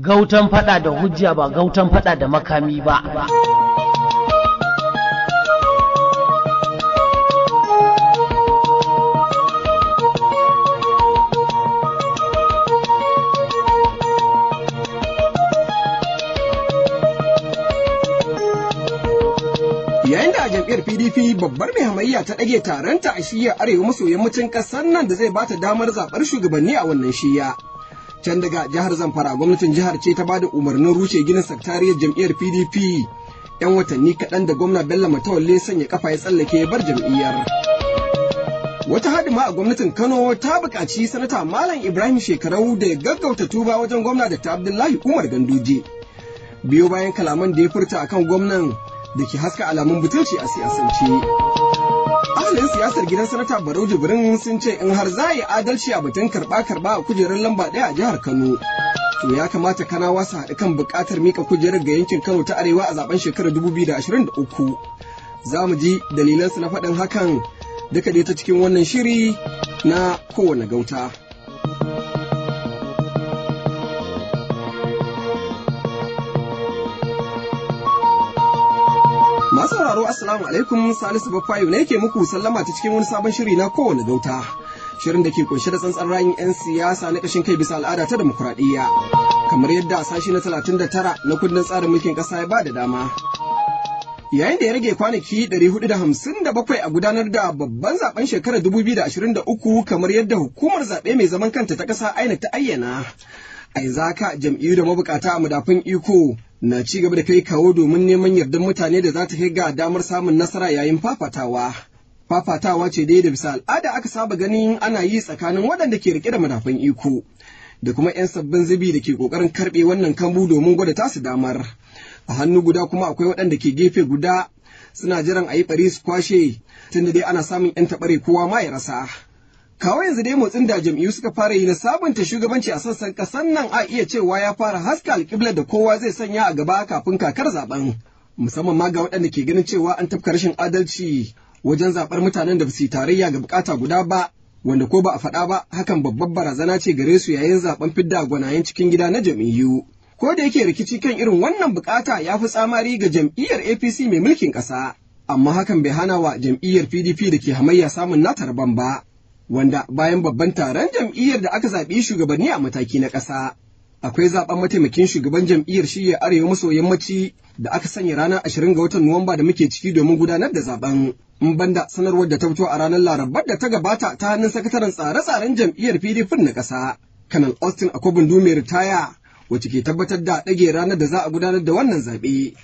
gautan fada da hujja ba gautan fada da makami ba yayin da jam'iyyar pdp babbar mai hamayya ta ɗage taronta a shiyar arewa maso yammacin ƙasar nan da zai bata damar zaɓar shugabanni a wannan shiya can daga jihar zamfara gwamnatin jihar ce ta bada umarnin rushe ginin sakatariyar jam'iyyar pdp yan watanni kaɗan da gwamna bello matawalle sanya kafa ya tsallake ya bar jam'iyyar wata hadima a gwamnatin kano ta buƙaci sanata malam ibrahim shekarau da ya gaggauta tuba wajen gwamna da ta abdullahi umar ganduje biyo bayan kalaman da ya furta akan gwamnan da ke haska alamun butulci a siyasance ahalin siyasar gidan sanata barau jibrin sun ce in har za yi adalci a batun karba-karba a kujerar lamba ɗaya a jihar kano to ya kamata kanawa su haɗu kan buƙatar mika kujerar ga yankin kano ta arewa a zaben shekarar 2023 za mu ji dalilansu na faɗin hakan duka ta cikin wannan shiri na kowane gauta. sauraro Assalamu alaikum Salisu Bafayu ne yake muku sallama ta cikin wani sabon shiri na kowane bauta Shirin da ke kunshe da tsantsan rayun 'yan siyasa na kashin kai bisa al'ada ta demokuraɗiyya. Kamar yadda sashi na tara na kundin tsarin mulkin ƙasa ya ba da dama. Yayin da ya rage kwanaki hudu da da 457 a gudanar da babban zaben shekarar 2023 kamar yadda hukumar zaɓe mai zaman kanta ta ƙasa Aina ta ayyana. Ai zaka jam'iyyu da mabukata a madafin iko na ci gaba da kai kawo domin neman yardan mutane da za ta kai ga damar samun nasara yayin fafatawa. Fafatawa ce dai da bisa al'ada aka saba ganin ana yi tsakanin waɗanda ke rike da madafan iko da kuma 'yan sabbin zubi da ke ƙoƙarin karɓe wannan kambu domin gwada tasu damar. A hannu guda kuma akwai waɗanda ke gefe guda suna jiran a yi ɓari su kwashe tunda dai ana samun 'yan taɓare kowa ma ya rasa. Kawo yanzu dai motsin da jam'iyyu suka fara yi na sabunta shugabanci a sassan ƙasar nan a iya cewa ya fara haska alƙiblar da kowa zai sanya a gaba kafin kakar zaben. Musamman ma ga waɗanda ke ganin cewa an tafka rashin adalci wajen zaɓar mutanen da su tarayya ga bukata guda ba wanda ko ba a faɗa ba hakan babbar barazana ce gare su yayin zaben fidda gwanayen cikin gida na jam'iyyu. Ko da yake rikici kan irin wannan bukata ya fi tsamari ga jam'iyyar APC mai mulkin ƙasa, amma hakan bai hana wa jam'iyyar PDP da ke hamayya samun nata ba. wanda bayan babban taron jam'iyyar da aka zaɓi shugabanni a mataki na ƙasa. Akwai zaɓen mataimakin shugaban jam'iyyar shirya arewa maso yammaci da aka sanya ranar ashirin ga watan Nuwamba da muke ciki domin gudanar da zaɓen. In banda sanarwar da ta fito a ranar Larabar da ta gabata ta hannun sakataren tsare-tsaren jam'iyyar PDP na ƙasa. Kanal Austin Akwabundu mai ritaya wacce ke tabbatar da ɗage ranar da za a gudanar da wannan zaɓe.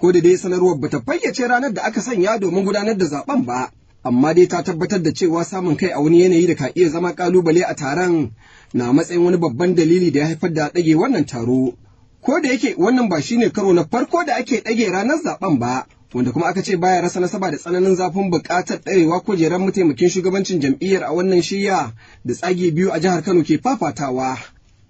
Ko da dai sanarwar bata fayyace ranar da aka sanya domin gudanar da zaɓen ba. amma dai ta tabbatar da cewa samun kai a wani yanayi da ka iya zama kalubale a taron na matsayin wani babban dalili da ya haifar da ɗage wannan taro. Ko da yake wannan ba shine karo na farko da ake ɗage ranar zaben ba, wanda kuma aka ce baya rasa nasaba da tsananin zafin buƙatar ɗarewa ko kujerar mataimakin shugabancin jam'iyyar a wannan shirya da tsage biyu a jihar Kano ke fafatawa.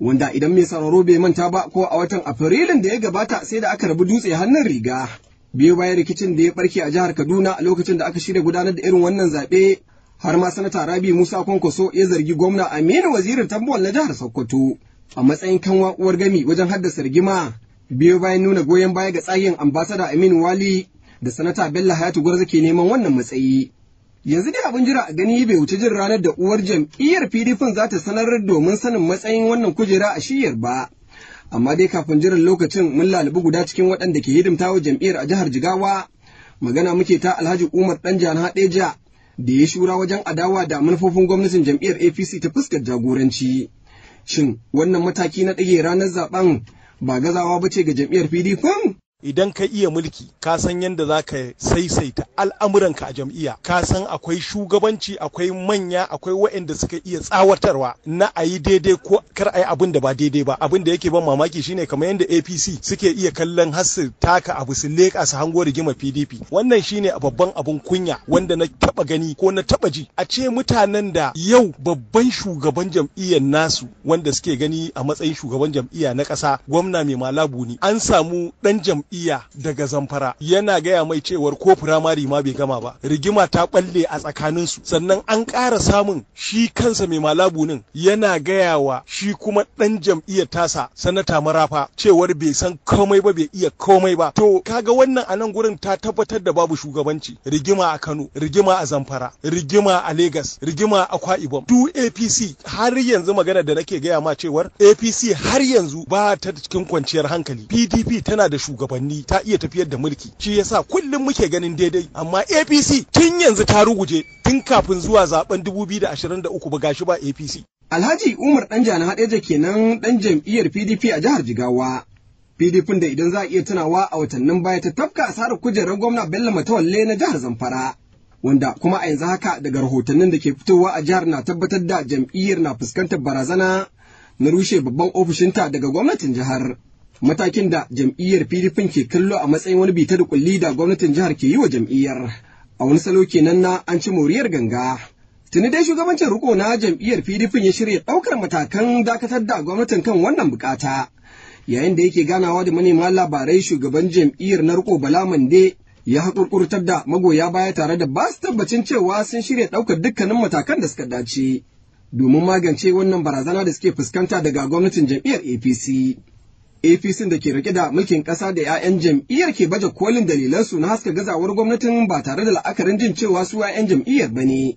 Wanda idan mai sauraro bai manta ba ko a watan Afrilun da ya gabata sai da aka rabu dutse hannun riga. biyo bayan rikicin da ya barke a jihar Kaduna a lokacin da aka shirya gudanar da irin wannan zaɓe har ma sanata Rabi Musa Kwankwaso ya zargi gwamna Aminu Wazirin Tambuwal na jihar Sokoto a matsayin kan uwar gami wajen haddasa rigima biyo bayan nuna goyon baya ga tsagen ambasada Aminu Wali da sanata Bello Hayatu Gwarza ke neman wannan matsayi. Yanzu dai abin jira a gani bai wuce jin ranar da uwar jam'iyyar PDP za ta sanar domin sanin matsayin wannan kujera a shiyar ba. amma dai kafin jiran lokacin mun lalubi guda cikin waɗanda ke hidimta wa jam'iyyar a jihar jigawa magana muke ta alhaji umar ɗan jana haɗeja da ya shura wajen adawa da manufofin gwamnatin jam'iyyar apc ta fuskar jagoranci shin wannan mataki na ɗage ranar zaben ba gazawa bace ga jam'iyyar pdp idan ka iya mulki ka san yadda za ka saisaita al'amuranka a jam'iyya ka san akwai shugabanci akwai manya akwai waɗanda suka iya tsawatarwa na a yi daidai ko kar a yi abin da ba daidai ba abin da yake ban mamaki shine kamar yadda apc suke iya kallon hassir taka abu su leƙa su hango rigima pdp wannan shine babban abun kunya wanda na taɓa gani ko na taɓa ji a ce mutanen da yau babban shugaban jam'iyyar nasu wanda suke gani a matsayin shugaban jam'iyya na ƙasa gwamna mai malabu ne an samu ɗan jam'iyya iya daga zamfara yana gaya mai cewar ko firamare ma bai gama ba rigima ta balle a tsakanin su sannan an ƙara samun shi kansa mai malabu nin yana gaya wa shi kuma ɗan jam'iyyar tasa sanata marafa cewar bai san komai ba bai iya komai ba to kaga wannan a nan gurin ta tabbatar da babu shugabanci rigima a Kano rigima a Zamfara rigima a Legas rigima a Akwa Ibom du APC har yanzu magana da nake gaya ma cewar APC har yanzu ba ta cikin kwanciyar hankali PDP tana da shugabanci shugabanni ta iya tafiyar da mulki shi yasa kullum muke ganin daidai amma apc tun yanzu ta ruguje tun kafin zuwa zaben 2023 ba gashi ba apc alhaji umar dan jana hadeja kenan dan jam'iyyar pdp a jihar jigawa pdp da idan za a iya tunawa a watannin baya ta tafka asarar kujerar gwamna bello matawalle na jihar zamfara wanda kuma a yanzu haka daga rahotannin da ke fitowa a jihar na tabbatar da jam'iyyar na fuskantar barazana na rushe babban ofishinta daga gwamnatin jihar. matakin da jam'iyyar PDP ke kallo a matsayin wani bita da kulli da gwamnatin jihar ke yi wa jam'iyyar a wani salo kenan na an ci moriyar ganga tuni dai shugabancin riko na jam'iyyar PDP ya shirya ɗaukar matakan dakatar da gwamnatin kan wannan bukata yayin da yake ganawa da manema labarai shugaban jam'iyyar na riko Bala Mande ya haƙurƙurtar da magoya baya tare da ba su tabbacin cewa sun shirya ɗaukar dukkanin matakan da suka dace domin magance wannan barazana da suke fuskanta daga gwamnatin jam'iyyar APC. APC da ke rike da mulkin kasa da 'ya'yan jam'iyyar ke baje kolin dalilansu na haska gazawar gwamnatin ba tare da la'akarin jin cewa su 'ya'yan jam'iyyar ba ne.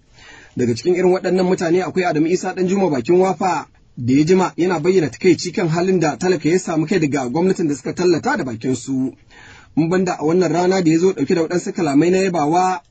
Daga cikin irin waɗannan mutane akwai Adamu Isa Juma bakin wafa da ya jima yana bayyana takaici kan halin da talaka ya samu kai daga gwamnatin da suka tallata da bakin su. In banda a wannan rana da ya zo ɗauke da waɗansu kalamai na yabawa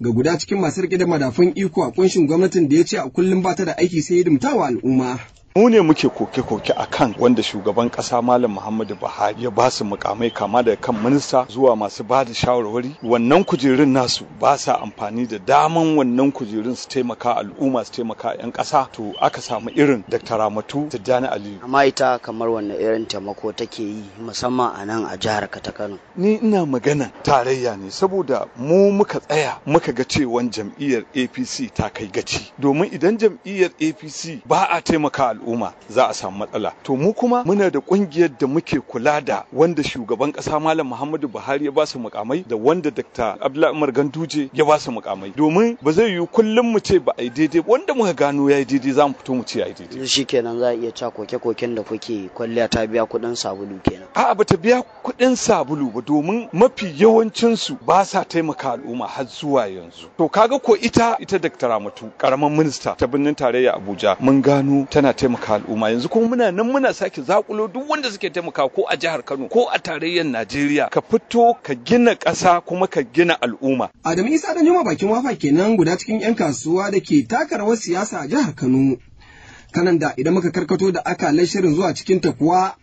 ga guda cikin masu rikida da madafun iko a ƙunshin gwamnatin da ya ce a kullum ba ta da aiki sai hidimtawa al'umma. mu ne muke koke-koke a kan wanda shugaban ƙasa malam muhammadu buhari ya ba su mukamai kama daga kan minista zuwa masu ba da shawarwari wannan kujerun nasu ba sa amfani da daman wannan kujerun su taimaka al'umma su taimaka 'yan ƙasa to aka samu irin dr ramatu tijjani aliyu amma ita kamar wanne irin taimako take yi musamman a nan a jihar Katakano. ni ina magana tarayya ne saboda mu muka tsaya muka ga cewan jam'iyyar apc ta kai gaci domin idan jam'iyyar apc ba a taimaka al'umma al'umma za a samu matsala to mu kuma muna da kungiyar da muke kula da wanda shugaban kasa malam muhammadu buhari ya ba su mukamai da wanda dr abdullahi umar ganduje ya ba su mukamai domin ba zai yiwu kullum mu ce ba a yi daidai wanda muka gano ya yi daidai za mu fito mu ce a yi daidai shi kenan za a iya ca koke-koken da kuke kwalliya ta biya kuɗin sabulu kenan a'a bata biya kuɗin sabulu ba domin mafi yawancinsu ba sa taimaka al'umma har zuwa yanzu to kaga ko ita ita dr ramatu karaman minista ta birnin tarayya abuja mun gano tana taimaka taimaka al'umma yanzu kuma muna nan muna sake zakulo duk wanda suke taimaka ko a jihar Kano ko a tarayyar Najeriya ka fito ka gina ƙasa kuma ka gina al'umma. Adamu Isa dan Juma bakin wafa kenan guda cikin 'yan kasuwa da ke taka rawar siyasa a jihar Kano. Kanan da idan muka karkato da akalar shirin zuwa cikin ta kuwa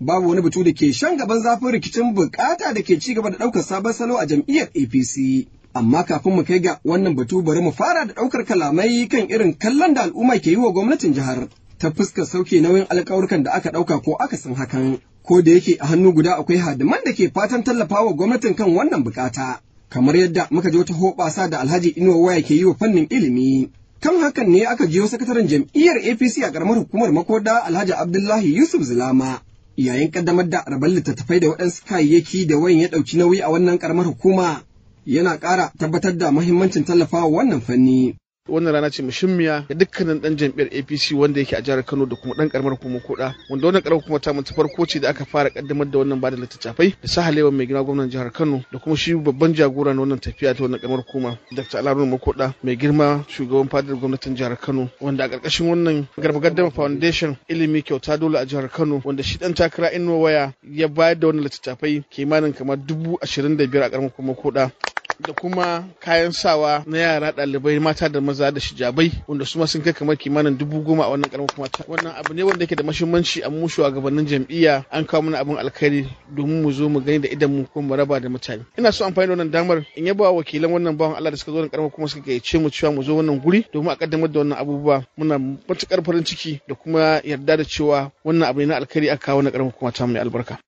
babu wani batu da ke shan gaban zafin rikicin bukata da ke ci gaba da ɗaukar sabon salo a jam'iyyar APC. Amma kafin mu kai ga wannan batu bari mu fara da ɗaukar kalamai kan irin kallon da al'umma ke yi wa gwamnatin jihar. ta fuskar sauke nauyin alƙawurkan da aka ɗauka ko aka san hakan ko da yake a hannu guda akwai hadiman da ke fatan tallafawa gwamnatin kan wannan bukata kamar yadda muka ji wata hoɓasa da alhaji inuwa waya ke yi wa fannin ilimi kan hakan ne aka jiyo sakataren jam'iyyar apc a ƙaramar hukumar makoda alhaji abdullahi yusuf zulama yayin kaddamar da rabar littattafai da waɗansu kayayyaki da wayan ya ɗauki nauyi a wannan ƙaramar hukuma yana ƙara tabbatar da muhimmancin tallafawa wannan fanni wannan rana ce mushimmiya ga dukkanin dan jam'iyyar apc wanda yake a jihar kano da kuma dan karamar hukumar koda wanda wannan karamar hukumar ta ta farko ce da aka fara kaddamar da wannan bada littattafai da halewa mai gina gwamnan jihar kano da kuma shi babban jagora na wannan tafiya ta wannan karamar hukuma dr alarun makoda mai girma shugaban fadar gwamnatin jihar kano wanda a karkashin wannan garba gaddama foundation ilimi kyauta dole a jihar kano wanda shi dan takara inuwa waya ya bayar da wannan littattafai kimanin kamar dubu ashirin da biyar a karamar hukumar kuda da kuma kayan sawa na yara ɗalibai mata da maza da shijabai wanda su ma sun kai kamar kimanin dubu goma a wannan karamar mata wannan abu ne wanda yake da mashimmanci a a gabanin jam'iyya an kawo mana abin alkhairi domin mu zo mu gani da idan mu kuma mu raba da mutane ina so amfani da wannan damar in yaba wa wakilan wannan bawan Allah da suka zo nan karamar kuma suka gayyace mu cewa mu zo wannan guri domin a kaddamar da wannan abubuwa muna matukar farin ciki da kuma yarda da cewa wannan abu ne na alkhairi aka kawo na karamar kuma ta mai albarka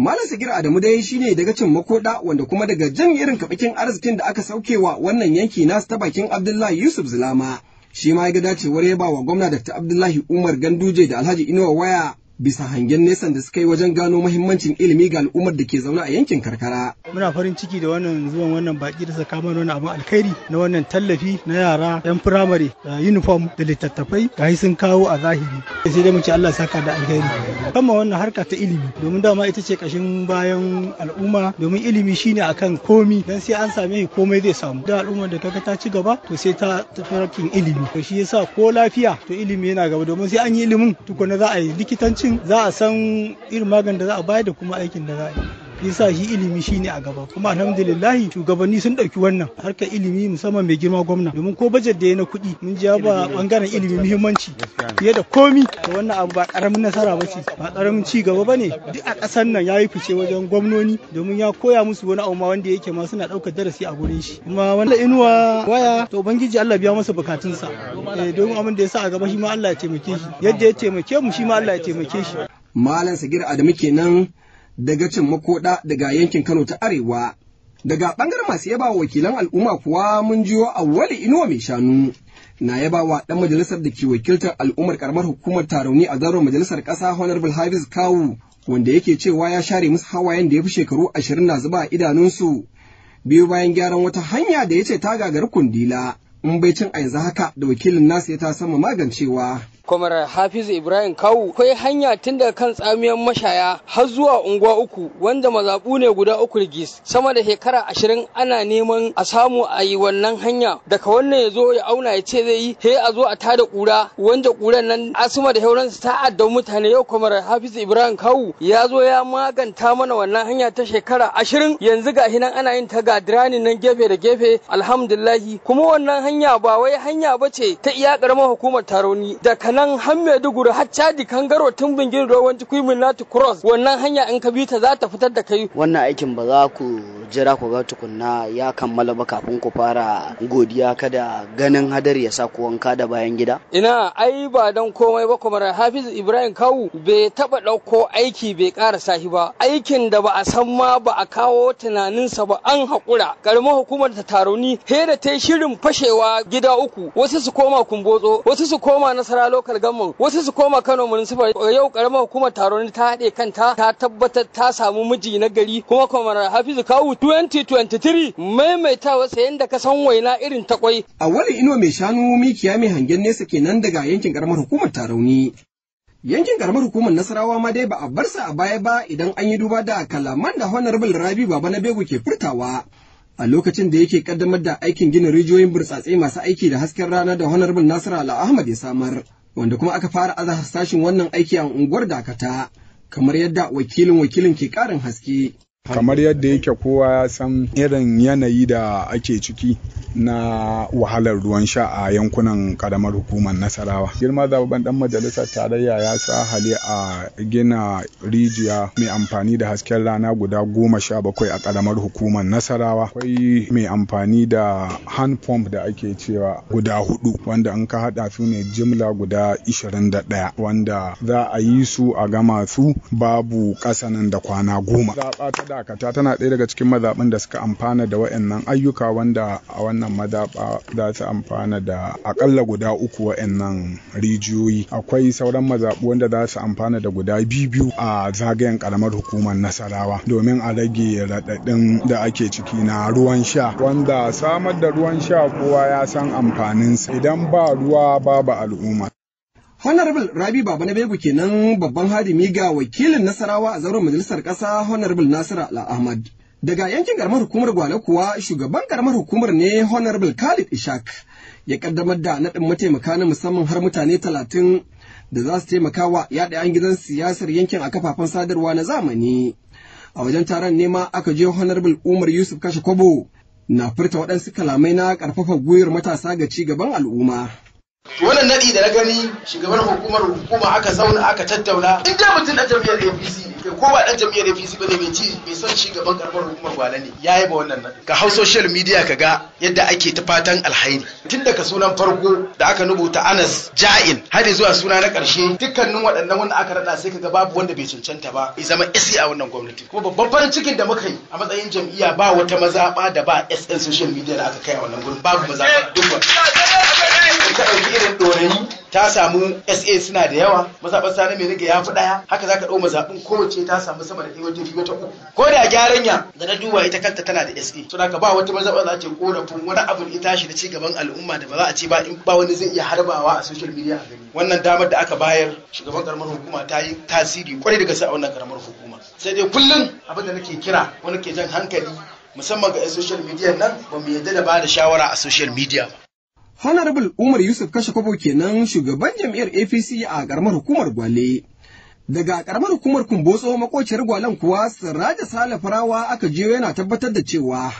Malam Sagir Adamu dai shi ne daga cin makoda wanda kuma daga jan irin kabakin arzikin da aka saukewa wannan yanki nasu ta bakin Abdullahi Yusuf Zulama. Shi ma ya ga dacewar ya bawa wa gwamna Dr. Abdullahi Umar Ganduje da Alhaji Inuwa Waya bisa hangen nesa da suka yi wajen gano mahimmancin ilimi ga al'ummar da ke zaune a yankin karkara. Muna farin ciki da wannan zuwan wannan baki da saka mana wani abin alkhairi na wannan tallafi na yara yan firamare da uniform da littattafai ga sun kawo a zahiri. Sai dai mu ce Allah saka da alkhairi. Kama wannan harka ta ilimi domin dama ita ce kashin bayan al'umma domin ilimi shine akan komi dan sai an same komai zai samu. Da al'ummar da kaga ta ci gaba to sai ta tafarkin ilimi. To shi yasa ko lafiya to ilimi yana gaba domin sai an yi ilimin tukuna za a yi likitancin za a san irin maganin da za a bayar da kuma aikin da za a yi yasa shi ilimi shi ne a gaba kuma alhamdulillah shugabanni sun ɗauki wannan harkar ilimi musamman mai girma gwamna domin ko bajet da ya na kuɗi mun ji ba bangaren ilimi muhimmanci fiye da komi da wannan abu ba karamin nasara ba ce ba karamin ci gaba ba ne duk a ƙasar nan ya yi fice wajen gwamnoni domin ya koya musu wani abu ma wanda yake ma suna ɗaukar darasi a gurin shi kuma wannan inuwa waya to ubangiji Allah biya masa bukatunsa eh domin abin da ya sa a gaba shi ma Allah ya taimake shi yadda ya taimake mu shi ma Allah ya taimake shi Malam Sagir Adamu kenan daga cin makoɗa daga yankin Kano ta Arewa. Daga ɓangar masu yaba wakilan al'umma kuwa mun jiyo a Auwalu Inuwa mai shanu. Na yaba wa ɗan majalisar da ke wakiltar al'ummar karamar hukumar tarauni a zarar majalisar ƙasa Honorable Hafiz Kawu wanda yake cewa ya share musu hawayen da ya fi shekaru ashirin na zuba a idanunsu. Biyu bayan gyaran wata hanya da ya ce ta gagari kundila. In bai cin a yanzu haka da wakilin nasu ya ta sama magancewa. kwamar hafizu ibrahim kawu akwai hanya tun daga kan tsamiyar mashaya har zuwa unguwa uku wanda mazaɓu ne guda uku rigis sama da shekara ashirin ana neman a samu a yi wannan hanya daga wannan ya zo ya auna ya ce zai yi he a zo a tada kura wanda kuran nan asuma da hauransu ta adda mutane yau kwamar hafizu ibrahim kawu ya zo ya maganta mana wannan hanya ta shekara ashirin yanzu ga hinan ana yin ta ga gadirani nan gefe da gefe alhamdulillahi kuma wannan hanya ba wai hanya ba ce ta iya karamar hukumar taroni da kana nan har Maiduguri har Chadi Kangaro tun bingin ruwan Kwimin Nati Cross wannan hanya in ka bi ta za ta fitar da kai. Wannan aikin ba za ku jira ku ga tukunna ya kammala ba kafin ku fara godiya kada ganin hadar ya sa ku wanka da bayan gida. Ina ai ba dan komai ba kuma Hafiz Ibrahim Kawu bai taba ɗauko aiki bai ƙara sahi ba. Aikin da ba a san ma ba a kawo tunaninsa ba an haƙura. Karamar hukumar ta taroni he da ta shirin fashewa gida uku wasu su koma kumbotso wasu su koma nasara local government wasu su koma Kano municipal yau karamar hukumar taron ta haɗe kanta ta tabbatar ta samu miji na gari kuma kamar Hafizu Kawu 2023 maimaitawa sayan da ka san waina irin ta kwai. A wani ino mai shanu mikiya mai hangen nesa kenan daga yankin karamar hukumar Tarauni. Yankin karamar hukumar Nasarawa ma dai ba a bar sa a baya ba idan an yi duba da kalaman da Honorable Rabi Baba na Bego ke furtawa. a lokacin da yake kaddamar da aikin gina rijiyoyin burtsatse masu aiki da hasken rana da honorable nasiru ala ahmad ya samar wanda kuma aka fara aza sashin wannan aiki a unguwar dakata kamar yadda wakilin wakilin ke ƙarin haske. kamar yadda yake kowa ya san irin yanayi da ake ciki na wahalar ruwan sha a yankunan karamar hukumar nasarawa girma zababen dan majalisar tarayya ya sa hali a gina rijiya mai amfani da hasken rana guda goma sha bakwai a karamar hukumar nasarawa akwai mai amfani da hand pump da ake cewa guda hudu wanda an ka hada su ne jimla guda 21 wanda za a yi su a gama su babu kasanin da kwana goma za a dakata tana ɗaya daga cikin mazaɓin da suka amfana da wa'annan ayyuka wanda a wannan mazaɓa za su amfana da akalla guda uku wa'annan rijiyoyi akwai sauran mazaɓu wanda za su amfana da guda biyu a zagayen karamar hukumar nasarawa domin a rage raɗaɗin da ake ciki na ruwan sha wanda samar da ruwan sha kowa ya san amfaninsa idan ba ruwa babu al'umma Honorable Rabi Baba na Begu kenan babban hadimi ga wakilin Nasarawa a zauren majalisar ƙasa Honorable Nasira Al-Ahmad. Daga yankin garmar hukumar Gwale kuwa shugaban karamar hukumar ne Honorable Khalid Ishak ya kaddamar da naɗin mataimaka na musamman har mutane talatin da za su taimaka wa yaɗa yan gidan siyasar yankin a kafafen sadarwa na zamani. A wajen taron nema aka je Honorable Umar Yusuf Kashe Kobo na furta waɗansu kalamai na ƙarfafa gwiwar matasa ga ci gaban al'umma. wannan nadi da na gani shugaban hukumar hukuma aka zauna aka tattauna in dai mutum da jami'ar APC ne ko ba dan jami'ar APC bane mai ci mai son shugaban hukumar wala ne yayi ba wannan nadi ka hau social media kaga yadda ake ta fatan alhairi tun daga sunan farko da aka rubuta Anas Ja'in har zuwa suna na karshe dukkanin waɗannan wanda aka rada sai kaga babu wanda bai cancanta ba ya zama SA a wannan gwamnati kuma babban farin cikin da muka yi a matsayin jam'iyya ba wata mazaba da ba SN social media da aka kai a wannan gurin babu mazaba duk ka ɗauki irin ɗorayi ta samu sa suna da yawa mazaɓar sani mai rage ya fi ɗaya haka za ka ɗau mazaɓin kowace ta samu sama da ɗaya wajen biyu ta uku ko da gyaran ya da na duba ita kanta tana da sa to ka ba wata mazaɓar za ta ƙorafin wani abin ita shi da ci gaban al'umma da ba za a ce ba in ba wani zai iya harbawa a social media a gani wannan damar da aka bayar shugaban karamar hukuma ta yi tasiri kwarai da gaske a wannan karamar hukuma sai dai kullum abin da nake kira wani ke jan hankali musamman ga 'yan social media nan ba mu yadda da ba da shawara a social media ba Honorable Umar Yusuf kashe kwabo kenan shugaban jam'iyyar APC a karamar hukumar Gwale. Daga ƙaramar hukumar Kumbotso makociyar Gwalen kuwa Siraja Sale Farawa aka je yana tabbatar da cewa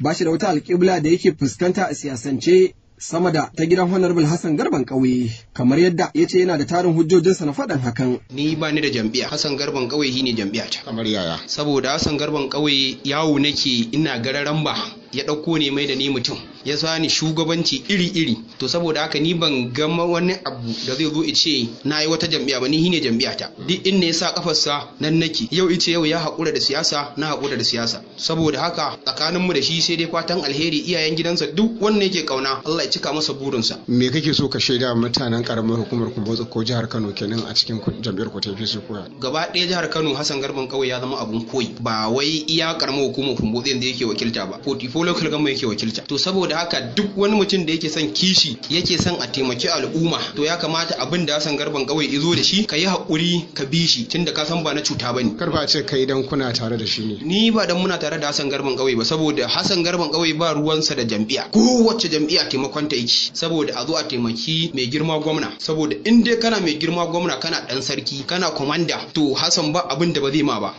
ba shi da wata alƙibla da yake fuskanta a siyasance sama da ta gidan honorable Hassan Garban ƙauye kamar yadda ya ce yana da tarin hujjojinsa na faɗan hakan. Ni ba ni da jam'iyya Hassan Garban ƙauye shine jam'iyya ta. Kamar yaya. Saboda Hassan Garban ƙauye yawo nake ina gararan ba ya ɗauko ne mai da ni mutum ya sa ni shugabanci iri-iri to saboda haka ni ban gama wani abu da zai zo ya ce na yi wata jam'iyya ba ni shine jam'iyya ta duk inda ya sa kafarsa nan nake yau ice yau ya haƙura da siyasa na haƙura da siyasa saboda haka tsakaninmu da shi sai dai fatan alheri iyayen gidansa duk wanda yake kauna Allah ya cika masa burinsa me kake so ka shaida mutanen karamar hukumar motsa ko jihar Kano kenan a cikin jam'iyyar ku ta su koya gaba ɗaya jihar Kano Hassan Garban kawai ya zama abun koyi ba wai iya karamar hukumar motsa yanda yake wakilta ba ko local government yake wakilta to saboda haka duk wani mutum da yake son kishi yake son a taimaki al'umma to ya kamata abin da Hassan Garban kawai izo da shi ka yi haƙuri ka bi shi tunda ka san ba na cuta bane ba ce kai dan kuna tare da shi ne ni ba dan muna tare da Hassan Garban kawai ba saboda Hassan Garban kawai ba ruwansa da jam'iyya kowace jam'iyya taimakon ta yake saboda a zo a taimaki mai girma gwamna saboda in dai kana mai girma gwamna kana dan sarki kana komanda to Hassan ba abin da ba zai ma ba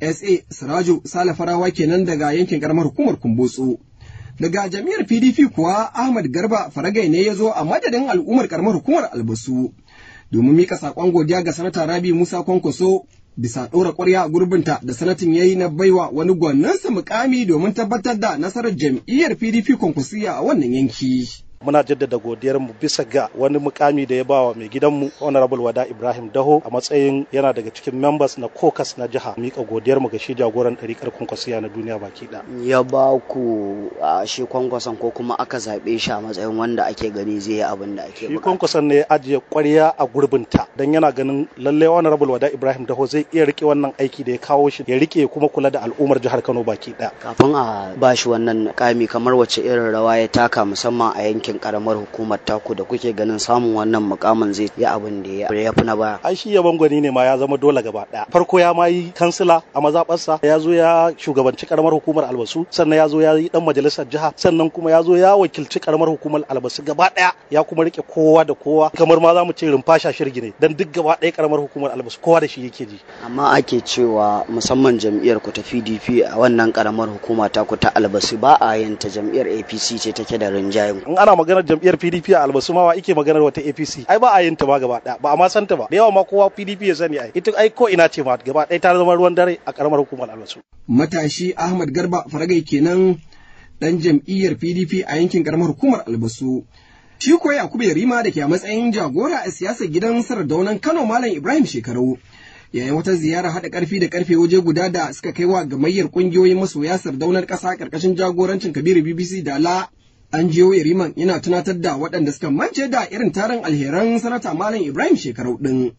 SA Siraju Sale kenan daga yankin karamar hukumar Kumbotso. Daga jami'ar PDP kuwa Ahmad Garba Faragai ne ya zo a madadin al'ummar karamar hukumar Albasu. Domin mika saƙon godiya ga sanata Rabi Musa Kwankwaso bisa ɗora ƙwarya a gurbinta da sanatin ya yi na baiwa wani gwaninsa mukami domin tabbatar da nasarar jam'iyyar PDP kwankwasiya a wannan yanki. muna jaddada godiyar mu bisa ga wani mukami da ya ba wa mai gidanmu honorable wada ibrahim daho a matsayin yana daga cikin members na kokas na jiha mika mu ga shi jagoran ɗarikar kwankwasiya na duniya baki da ya ba ku a shi kwankwason ko kuma aka zaɓe shi a matsayin wanda ake gani zai yi abin da ake shi kwankwason ne ya ajiye ƙwarya a gurbin ta. don yana ganin lallai honorable wada ibrahim daho zai iya rike wannan aiki da ya kawo shi ya rike kuma kula da al'ummar jihar kano baki da. kafin a ba shi wannan kami kamar wacce irin rawa ya taka musamman a yankin yankin karamar hukumar taku da kuke ganin samun wannan mukamin zai yi abin da ya fi na baya ai shi yaban gwani ne ma ya zama dole gaba daya farko ya ma yi kansila a mazabarsa ya zo ya shugabanci karamar hukumar albasu sannan ya zo ya yi dan majalisar jiha sannan kuma ya zo ya wakilci karamar hukumar albasu gaba daya ya kuma rike kowa da kowa kamar ma za mu ce rumfasha shirgi ne dan duk gaba daya karamar hukumar albasu kowa da shi yake ji amma ake cewa musamman jam'iyyar ku ta PDP a wannan karamar hukuma ta ku ta albasu ba a yin ta jam'iyyar APC ce take da rinjayen in ana maganar jam'iyyar PDP a Albasu ike maganar wata APC ai ba a yin ta ma gaba daya ba a ma san ta ba da yawa ma kowa PDP ya sani ai ita ai ko ina ce ma gaba daya ta zama ruwan dare a karamar hukumar Albasu matashi Ahmad Garba Faragai kenan dan jam'iyyar PDP a yankin karamar hukumar Albasu Shi ko Yakubu Yarima da ke a matsayin jagora a siyasar gidan Sardaunan Kano Malam Ibrahim Shekaru. Yayin wata ziyara haɗa karfi da karfe waje guda da suka kai wa gamayyar ƙungiyoyin masoya sardaunar kasa karkashin jagorancin Kabiru BBC da La An jiyo Yariman yana tunatar da waɗanda suka mance da irin tarin alheran sanata Malam Ibrahim shekaru ɗin,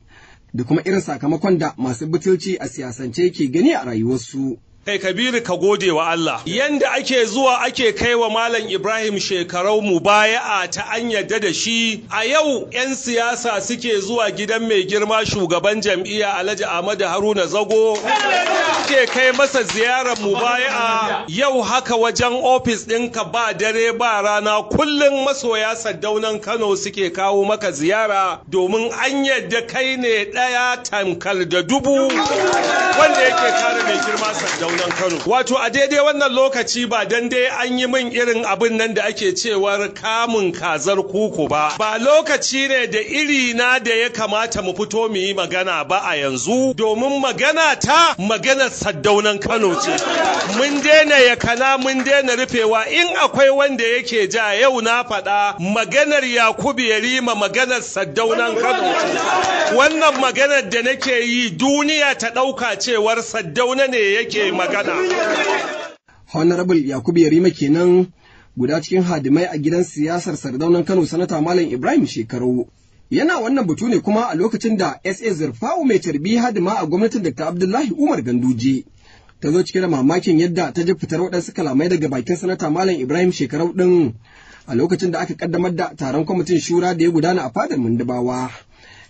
da kuma irin sakamakon da masu butulci a siyasance ke gani a rayuwarsu. kai kabiru ka gode wa Allah yanda ake zuwa ake kai wa malam Ibrahim shekarau mubaya'a ta an yadda da shi a yau 'yan siyasa suke zuwa gidan mai girma shugaban jam'iyya Alhaji Ahmadu Haruna Zago ke kai masa ziyarar mubaya'a yau haka wajen ofis ɗinka ba dare ba rana kullum masoya saddaunan Kano suke kawo maka ziyara domin an yadda kai ne ɗaya tankar da dubu wanda yake kare mai girma saddauna nan Kano. Wato a daidai wannan lokaci ba dan dai an yi min irin abin nan da ake cewar kamun kazar kuku ba. Ba lokaci ne da iri na da ya kamata mu fito mu yi magana ba a yanzu domin magana ta maganar saddaunan Kano ce. Mun daina yakana mun daina rufewa in akwai wanda yake ja yau na faɗa maganar Yakubu Yarima maganar saddaunan Kano Wannan maganar da nake yi duniya ta ɗauka cewar saddauna ne yake magana. magana. Honorable Yakubu Yarima kenan guda cikin hadimai a gidan siyasar sardaunan Kano sanata Malam Ibrahim Shekaru. Yana wannan batu ne kuma a lokacin da SA Zirfawu mai tarbi hadima a gwamnatin Dr. Abdullahi Umar Ganduje. Ta zo cike da mamakin yadda ta ji fitar waɗansu kalamai daga bakin sanata Malam Ibrahim Shekarau ɗin a lokacin da aka kaddamar da taron kwamitin shura da ya gudana a fadar Mundubawa.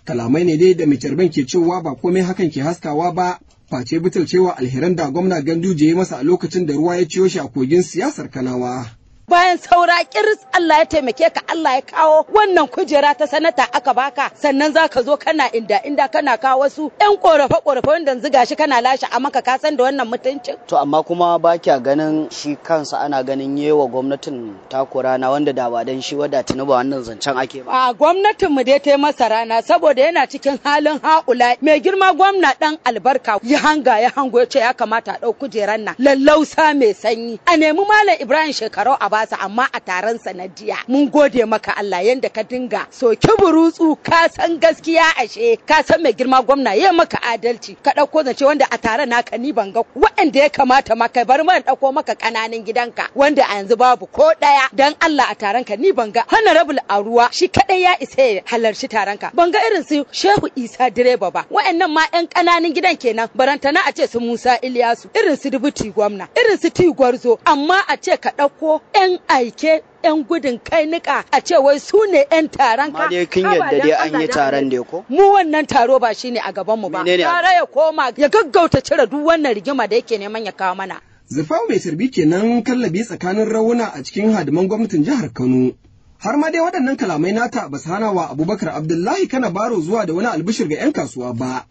Kalamai ne dai da mai tarban ke cewa ba komai hakan ke haskawa ba face bitil cewa alheran da gwamna ganduje ya masa a lokacin da ruwa ya ciyo shi a kogin siyasar kanawa bayan saura kiris Allah ya taimake ka Allah ya kawo wannan kujera ta sanata aka baka sannan za ka zo kana inda inda kana kawo wasu yan korafe korafe wanda ziga shi kana lashe a maka kasan da wannan mutuncin to amma kuma ba kya ganin shi kansa ana ganin yewa gwamnatin takura na wanda da ba dan shi wada tuni ba wannan zancen ake ba a gwamnatin mu dai ta masa rana saboda yana cikin halin haula mai girma gwamna dan albarka ya hanga ya hango ya ce ya kamata a dau kujeran nan lallausa mai sanyi a nemi malam Ibrahim shekaru a su amma a taron sanadiya mun gode maka Allah yanda ka dinga soki burutsu ka san gaskiya ashe ka san mai girma gwamna ya maka adalci ka dauko zance wanda a taron naka ni ban ga waɗanda ya kamata maka bari mana dauko maka kananan gidanka wanda a yanzu babu ko daya dan Allah a taron ka ni ban ga honorable a ruwa shi kadai ya isa ya halarci taron ka ban ga irin su Shehu Isa direba ba waɗannan ma yan kananan gidan kenan barantana a ce su Musa Iliyasu irin su dubuti gwamna irin su gwarzo amma a ce ka dauko yan 'yan aike 'yan gudun kai nika a ce wai su ne 'yan taron ka. dai kin yadda dai an yi taron da ko? Mu wannan taro ba shine a gaban mu ba. Tare ya koma ya gaggauta cire duk wannan rigima da yake neman ya kawo mana. zufa mai sirbi kenan kallabi tsakanin rauna a cikin hadiman gwamnatin jihar Kano. Har ma dai waɗannan kalamai nata ba su hana wa Abubakar Abdullahi Kana Baro zuwa da wani albishir ga 'yan kasuwa ba.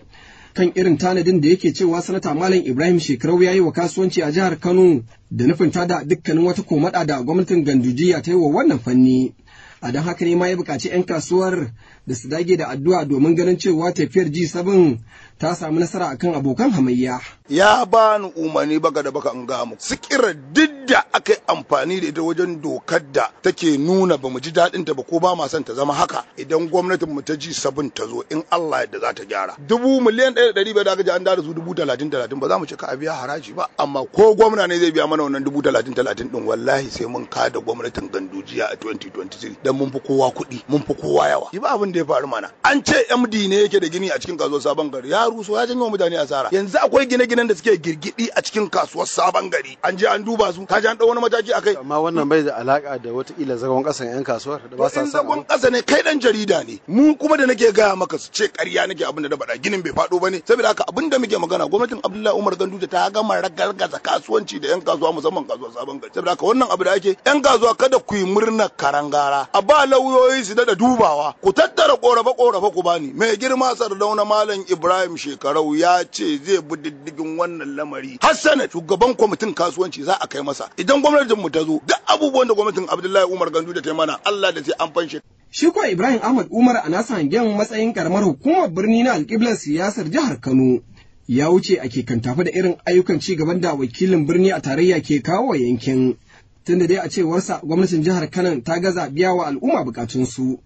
kan irin tanadin da yake cewa sanata Malam Ibrahim Shekarau ya yi wa kasuwanci a jihar Kano da nufin da dukkanin wata komada da gwamnatin Gandujiya ta yi wa wannan fanni. A don haka ne ma ya buƙaci 'yan kasuwar da su dage da addu'a domin ganin cewa tafiyar ji sabon ta samu nasara akan abokan hamayya. Ya bani umarni baka da baka an gamu. Sikira duk da aka yi amfani da ita wajen dokar da take nuna ba mu ji daɗin ta ba ko ba ma son ta zama haka idan gwamnatin mu ta ji sabon ta zo in Allah yadda za ta gyara. Dubu miliyan ɗaya da ɗari biyar da aka an da su dubu talatin talatin ba za mu ce ka biya haraji ba amma ko gwamna ne zai biya mana wannan dubu talatin talatin ɗin wallahi sai mun kada gwamnatin gandujiya a 2023 dan mun fi kowa kuɗi mun fi kowa yawa. Ba abin da ya faru mana an ce md ne yake da gini a cikin kasuwar sabon gari ya ruso ya janyo mutane asara yanzu akwai gine-ginen da suke girgidi a cikin kasuwar sabon gari an je an duba su ka ji an dau wani mataki akai amma wannan bai da alaka da ila zagon kasan yan kasuwar da ba sa san zagon kasa ne kai dan jarida ne mu kuma da nake gaya maka su ce ƙarya nake abin da na faɗa ginin bai faɗo bane saboda haka abin da muke magana gwamnatin Abdullahi Umar Ganduje ta gama ragargaza kasuwanci da yan kasuwa musamman kasuwar sabon gari saboda haka wannan abu da ake yan kasuwa kada ku yi murnar karangara a ba lauyoyi su da dubawa ku tattara tara korafe-korafe ku bani mai girma sardauna malam ibrahim shekarau ya ce zai bi diddigin wannan lamari hassan shugaban kwamitin kasuwanci za a kai masa idan gwamnatin mu ta zo duk abubuwan da gwamnatin abdullahi umar ganju da ta mana allah da sai an fanshe Shi kuwa Ibrahim Ahmad Umar a nasa hangen matsayin karamar hukumar birni na alƙiblar siyasar jihar Kano. Ya wuce ake kan tafi da irin ayyukan ci gaban da wakilin birni a tarayya ke kawo yankin. Tunda dai a cewarsa gwamnatin jihar Kano ta gaza biya wa al'umma bukatunsu.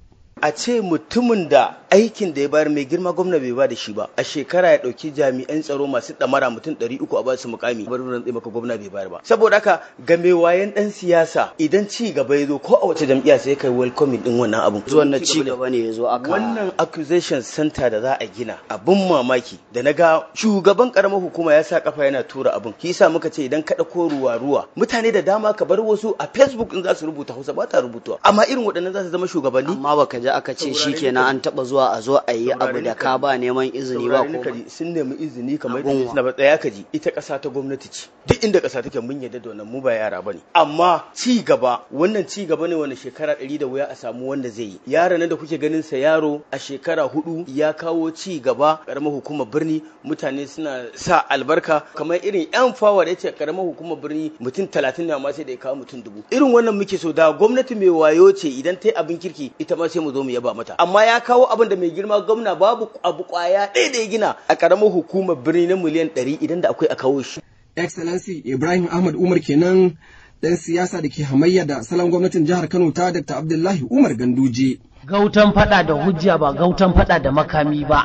a ce mutumin da aikin da ya bayar mai girma gwamna bai ba da shi ba a shekara ya dauki jami'an tsaro masu damara mutum 300 a ba su mukami bar ran tsaye maka gwamna bai bayar ba saboda haka mai wayan dan siyasa idan ci gaba ya zo ko a wace jam'iyya sai kai welcoming din wannan abun zuwa na ci gaba ne ya zo aka wannan accusation center da za a gina abun mamaki da na ga shugaban karamar hukuma ya sa kafa yana tura abun ki yasa muka ce idan ka dauko ruwa ruwa mutane da dama ka bar wasu a facebook in za su rubuta Hausa ba ta rubutuwa amma irin waɗannan za su zama shugabanni amma baka da aka ce shi kenan an taba zuwa a zo a yi abu da ka ba neman izini ba ko sun nemi izini kamar da suna ba tsaya kaji ita ƙasa ta gwamnati ce duk inda kasa take mun yadda da mu ba yara bane amma ci gaba wannan ci gaba ne wani shekara ɗari da wuya a samu wanda zai yi yaran nan da kuke ganin sa yaro a shekara hudu ya kawo ci gaba karamar hukumar birni mutane suna sa albarka kamar irin yan fawa da yace karamar hukumar birni mutum talatin ne amma sai da ya kawo mutum dubu irin wannan muke so da gwamnati mai wayo ce idan ta yi abin kirki ita ma sai mu zo zo mu yaba mata amma ya kawo abin da mai girma gwamna babu abu kwaya ɗaya da ya gina a karamar hukumar birni na miliyan ɗari idan da akwai a kawo shi excellency ibrahim ahmad umar kenan dan siyasa da ke hamayya da salon gwamnatin jihar kano ta dr abdullahi umar ganduje gautan fada da hujja ba gautan fada da makami ba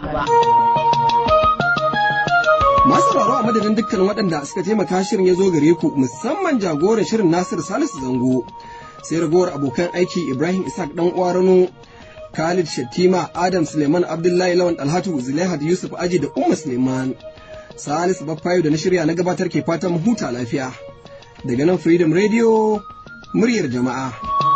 masu sauraro a madadin dukkan waɗanda suka taimaka shirin ya zo gare ku musamman jagoran shirin nasiru salisu zango sai ragowar abokan aiki ibrahim isaac dan uwa Khalid Shatima, Adam Suleiman Abdullahi Lawan Alhatu, Zulaihat Yusuf Aji da Umma Suleiman. Salisu Baffayo da na shirya na gabatar ke fatan huta lafiya. Daga nan Freedom Radio, muryar jama'a.